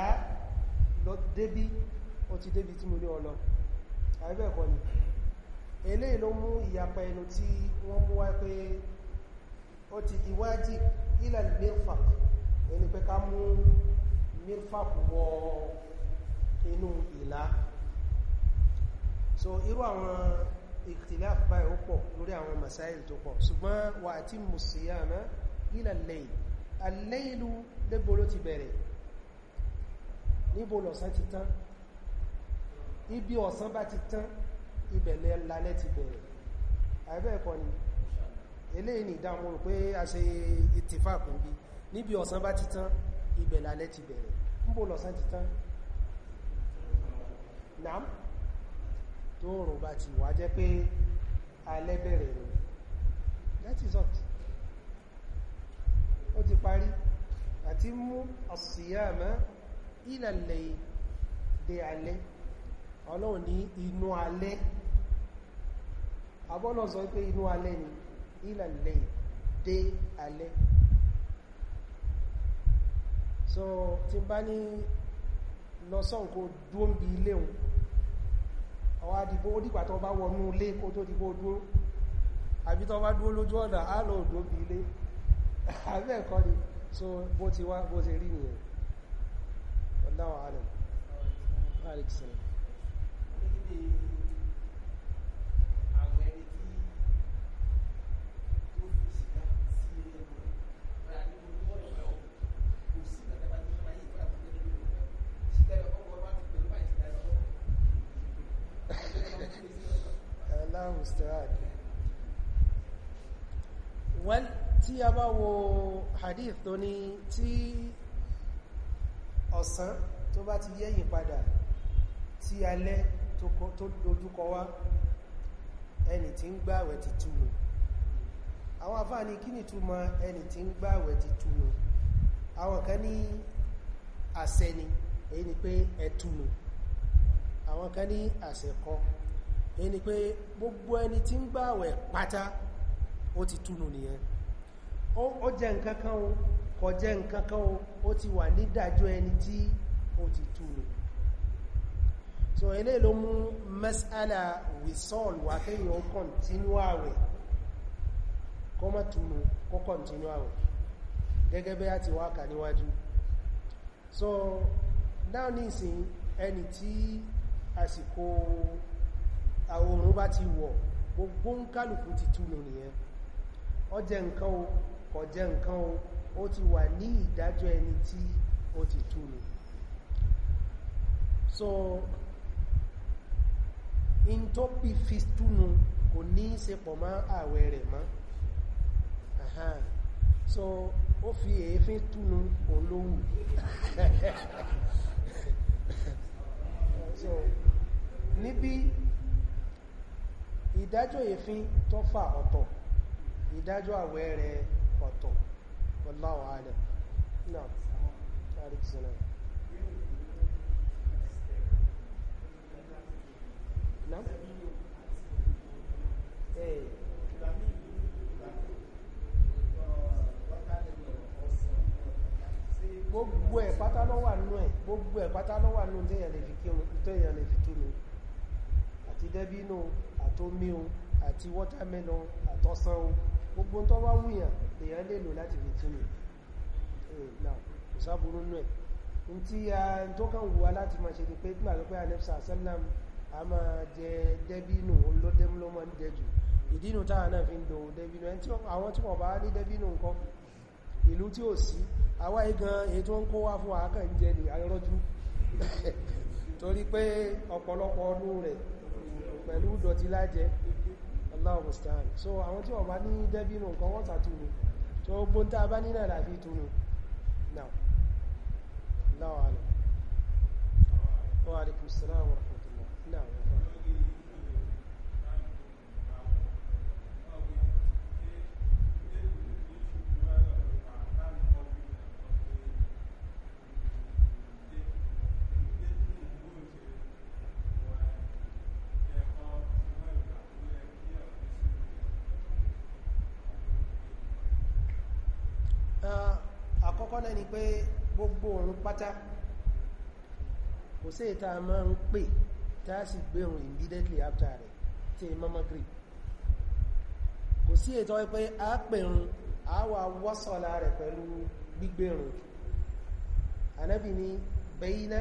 Speaker 1: lọ débí o ti débí tí mo ní ọlọ àìbẹ̀ẹ̀kọ́ ni eléyìí ló mú ìyapa ẹnu tí wọ́n mú wá pé ó ti di wájì ilẹ̀ mirfaq ẹni pé ká mú mirfaq wọ inú ìlà so irú àwọn ìtìláf báyìí ó pọ̀ lórí àwọn masáìlì tó pọ̀ ṣùgbọ́n wà àti musiyama ilẹ̀ lẹ́yìn alẹ́yìnlú lébò ló ti bẹ̀rẹ̀ níbo lọ̀sán ti tán ibi ọ̀sán bá ti tán ibẹ̀lẹ̀ lálẹ́ ti bẹ̀rẹ̀ àìbẹ́ ẹ̀kọ́ ni eléyìí ni ìdámú rò pé a ṣe ìtìfàkùn bí níbi ọ̀sán bá ti tán ibẹ̀ lálẹ́ ti bẹ̀rẹ̀ níbo lọ̀sán ti tán nàám tó rùn bá ti wà jẹ́ pé alẹ́ bẹ̀rẹ̀ rẹ̀ that is all ó ti parí àti mú àsìyá mẹ́ ìlàlẹ̀ dé alẹ́ ọlọ́run ní inú alẹ́ abọ́lọ̀ sọ pé inú alẹ́ ni ìlàlẹ̀ dé alẹ́ so tí bá ní lọ́sàn kó dúó ń bi ilé òun ọwá dìbò ó dìgbà tó bá wọnú ilé kó tó dìbò dúó àbí tó bá dúó lójú ọ̀nà á lọ òdó bi ilé àbẹ́ ẹ̀kọ́ ni so bó ti wá bó ti rí nìyẹn الله أعلم عليك السلام Allahu musta'an wọ́n tí a bá wo hadith tó ní tí ọ̀sán tó bá ti yẹ́yìn padà tí alẹ́ tó dojúkọ wá ẹni tí ń gbààwẹ̀ ti túnú àwọn afáà ní kí ni túnmọ̀ ẹni tí ń gbààwẹ̀ ti túnú àwọn kan ní àṣẹ ni èyí ni pé ẹtúnú àwọn kan ní àṣẹ kọ́ èyí ni pé gbogbo ẹni tí ń gbààwẹ̀ pátá ó ti túnú nìyẹn ó jẹ́ nǹkan kan o kò jẹ́ nǹkan kan o ó ti wà nídàjọ́ ẹni tí ó ti túnú so ilé ló mú masala wisol wà kéyàn ó kọ̀ntínú àwẹ̀ kọ́ mọ́ túnú kọ́ kọ̀ntínú àwẹ̀ gẹ́gẹ́ bẹ́ àti wákà níwájú so náà nísìn ẹni tí àsìkò àwòrán bá ti wọ̀ gbogbo ń kálùkù ti túnú nìyẹn ó jẹ nǹkan o kò jẹ nǹkan o ó ti wà ní ìdájọ́ ẹni tí ó ti túnu so in tó bí fi túnu kò ní í ṣe ààwẹ̀ rẹ̀ mọ́ so ó fi èéfín túnu olówù so níbi ìdájọ́ èéfín tó fà ọ̀tọ̀ ìdájọ́ ààwẹ̀ rẹ̀ ọ̀tọ̀ wallahu alam na'am alaikum salam na'am eh gbogbo ẹ̀ pátá ló wà nínú ẹ̀ gbogbo ẹ̀ pátá ló wà nínú téèyàn lè fi kírun téèyàn lè fi túnu àti dẹ́bínú àtómíun àti wọ́támẹ́lọ àtọ́sán gbogbo tó bá wùyàn èèyàn lè lò láti fi tínú kò sáburú tí a tó kàn wùwá láti máa ṣe ni pé nígbà tó pé sẹ́lẹ̀m a máa jẹ dẹ́bínù olódémúlọ́mọ́ ń jẹ ìdínú táwa fi ń lo dẹ́bínù àwọn tí wọ́n bá ní dẹ́bínù nǹkan ìlú tí ò sí àwa igan èyí tó ń kó wá fún àákàn ń jẹ ní arọ́jú torí pé ọ̀pọ̀lọpọ̀ ọdún rẹ̀ pẹ̀lú dọ̀tí lájẹ́ Allahu musta'an so àwọn tí wọ́n bá ní dẹ́bínú nǹkan wọ́n tàtù ní tó gbóntá bá ní náà láti túnú now. láwọ̀ alẹ́ wa alaikum salaam wa rahmatullah náà àkọ́kọ́ náà ni pé gbogbo òun pátá kò sí ìta máa ń pè tá a sì gbé òun immediately after rẹ̀ tí ẹ mọ́mọ́ grip kò sí ètò pé a pèrún a wà wọ́sọ̀lá rẹ̀ pẹ̀lú gbígbèrún anábì ni bẹ́yìnà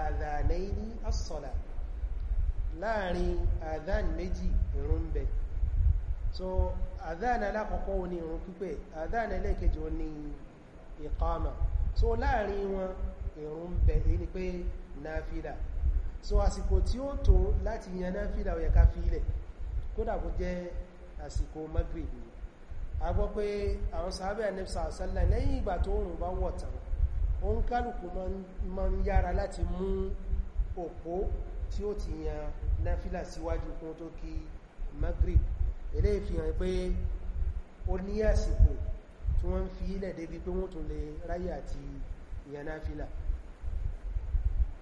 Speaker 1: àdánẹ́ni asọ̀lá láàrin àdán méjì ìrún bẹ so àdán alákọ̀ọ́kọ́ ni ìrún pípẹ́ àdán ẹlẹ́kẹjọ ni ìkọ́mà so láàrin wọn ìrun bẹ̀ ní pé náfílà so àsìkò tí ó tó láti yan náfílà ó yẹ ká fílẹ̀ kódà kó jẹ́ àsìkò magrib ni a gbọ́ pé àwọn sàábẹ̀ anẹ́bsà sálà lẹ́yìn ìgbà tó rùn bá wọ̀tàn ó ń kálùkù ma ń yára láti mú òpó tí ó ti yan náfílà síwájú kún tó kí magrib eléyìí fi pé ó ní àsìkò tí wọ́n ń fi ilẹ̀ débi pé wọ́n tún lè ráyè àti yanáfílà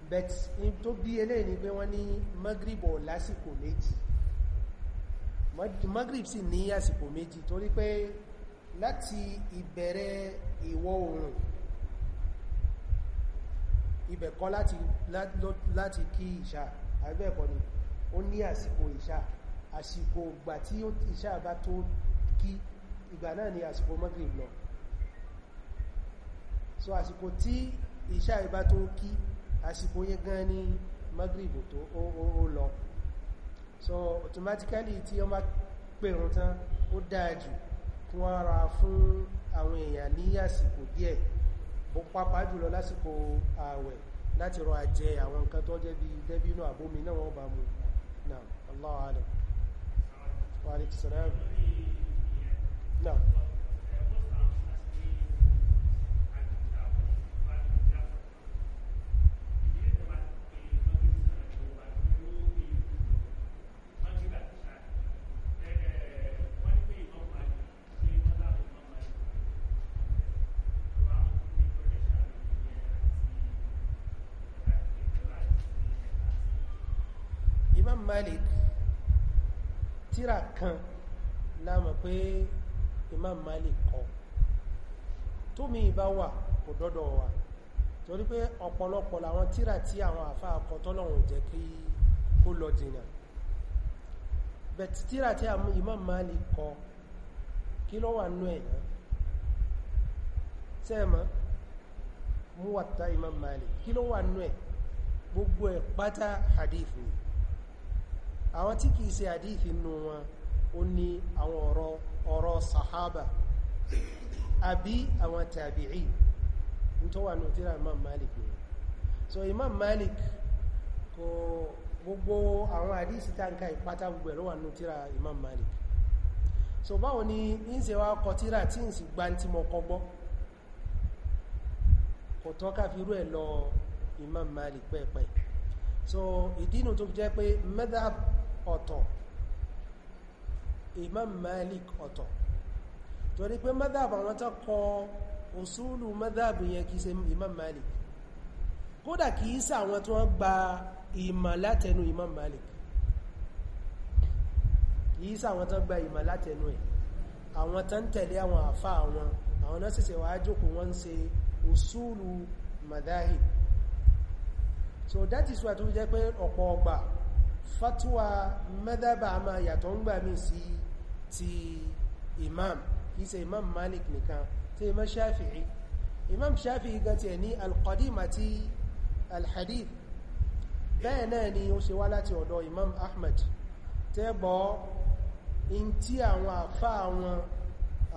Speaker 1: bet in tó bí eléyìí ni pé wọ́n ní magrib ò lásìkò méjì magrib sì ní àsìkò méjì torí pé láti ìbẹ̀rẹ̀ ìwọ̀ oòrùn ibẹ̀ kọ́ láti kí ìṣà àbẹ́ẹ̀kọ́ ni ó ní àsìkò ìṣà àsìkò ìgbà tí ìṣà bá tó kí ìgbà náà ni àsìkò magrib lọ so àsìkò tí ìṣà ìbá tó kí àsìkò yẹn gan ni magrib tó ó lọ so automatically tí wọ́n bá pèrún tán ó dáa jù kí wọ́n ra fún àwọn èèyàn ní àsìkò díẹ̀ ó pápá jùlọ lásìkò ààwẹ̀ láti rọ àjẹ àwọn nǹkan tó jẹ́ bí dẹ́bínú àbómi náà wọ́n bá mú náà Allahu alam wa alaikum salaam Imam Malik tíra kan láàmọ̀ pé Imam Mali kọ tómi ìbá wà kò dọ́dọ̀ wà torí pé ọ̀pọ̀lọpọ̀ làwọn tíra tí àwọn àfá akọtọ́lọ́run jẹ́ kí ó lọ jìnà bẹ̀t tíra tí Imam Mali kọ kí ló wà nú ẹ̀yàn sẹ́ẹ̀mọ́ Muwatta Imam Mali, kí ló wà nú ẹ̀ gbogbo ẹ̀ pátá hadith ni àwọn tí kìí ṣe hadith nù wọn ó ní àwọn ọ̀rọ̀ ọ̀rọ̀ sahaba àbí àwọn tàbíì tó wà ní tíra imam malik ni so imam malik kò gbogbo àwọn àdísì tánkà ìpátá gbogbo ẹ̀lọ́wà ní tíra imam malik so báwo ni ń ṣe wá kọ tíra tí ń sì gbá tí mo kọ gbọ́ kò tọ́ka fi rú ẹ̀ lọ imam malik pẹ́ẹ̀pẹ́ so ìdínú tó fi jẹ́ pé madhab ọ̀tọ̀ imam malik ọ̀tọ̀ torí pé madhab àwọn tó kọ òsúlù madhab yẹn kìí ṣe imam malik kódà kìí ṣe àwọn tó gba ìmọ̀ látẹnu imam malik kìí ṣe àwọn tó gba ìmọ̀ látẹnu ẹ̀ àwọn tó ń tẹ̀lé àwọn àfá àwọn àwọn náà ṣẹ̀ṣẹ̀ wá jókòó wọ́n ń òsúlù madhahib so that is why tó jẹ́ pé ọ̀pọ̀ ọgbà fatwa madhab àmà yàtọ̀ ń gbà mí sí ti imam kìí ṣe imam malik nìkan tí imam shafi'i imam shafi'i gan tiẹ̀ ní alqadim àti alhadith bẹ́ẹ̀ náà ni ó ṣe wá láti ọ̀dọ̀ imam ahmed tẹ́bọ̀ in tí àwọn àfá àwọn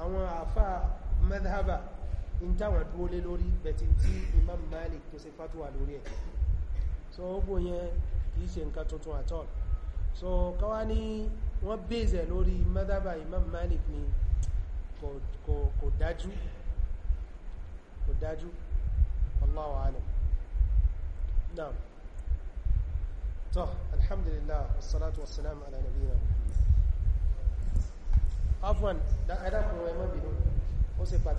Speaker 1: àwọn àfá madhaba in táwọn dúró lé lórí bẹ̀tí tí imam malik tó ṣe fatuwa lórí ẹ̀ so ó gbóyẹn kìí ṣe nǹkan tuntun àtọ́lù so káwá ní wọ́n bèèzẹ̀ lórí madhaba imam malik ni kò dájú kò dájú wallahu alam naam tọ́ alhamdulillah wassalatu wassalamu ala nabiyina muhammad afwan da adakun ẹmọ́ binu ó sì pàtàkì